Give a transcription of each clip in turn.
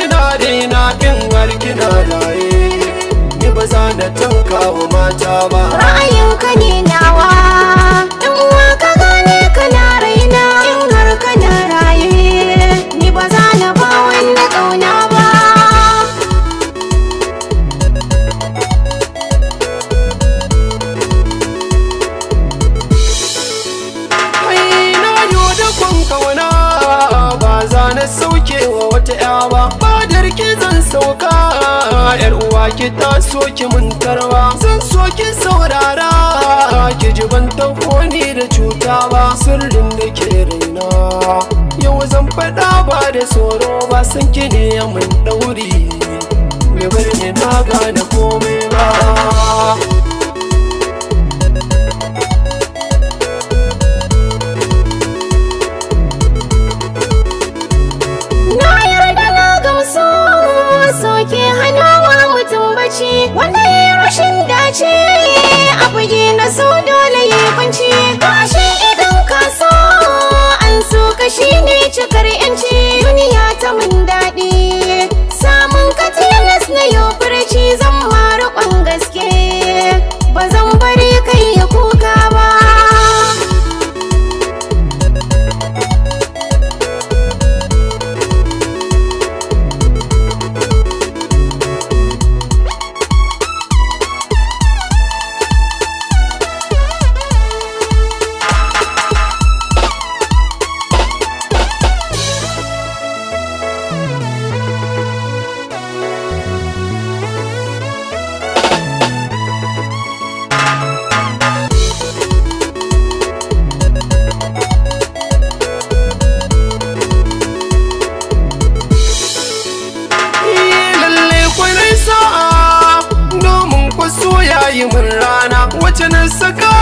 kina na kin war kina raye ni ba za na tanka wa mata ba na sauke wa wata yawa ba fadar ki zan sauka yar uwa ki ta soki mun tarwa zan soki saurara ki ji ban ta koni da cuta ba sirrin da ke raina yau zan faɗa ba da tsoro ba san ki ne ya mun ɗauri me bari na gane komai ba yayi mun rana wacce na saka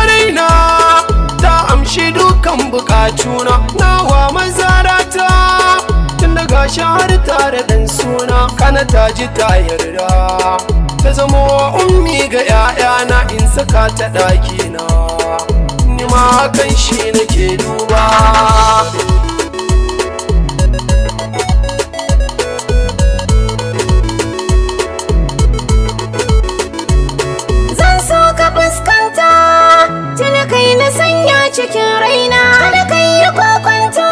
ta amshi dukan bukatuna nawa ta tun daga shahar tare dan suna kana ta ji ta yarda ta zama ummi ga 'ya'yana in saka ta ɗakina ni ma kan shi nake duba cikin raina Kada ka yi kwakwanto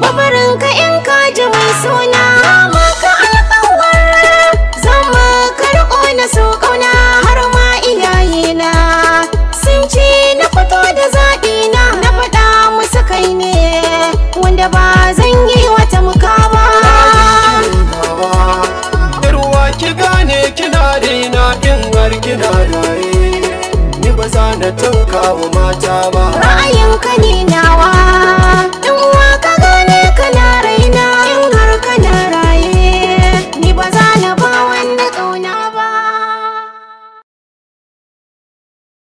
Babarin ka in ka ji mai suna Zama ka alƙawar Zama ka riƙo na so ƙauna Har ma iyayena Sun ce na fito da zaɓina na faɗa musu kai ne Wanda ba zan yi wata muka ba Yarwa ki gane kina daina in har kina dare da tun kawo mata ba ra'ayinka ne nawa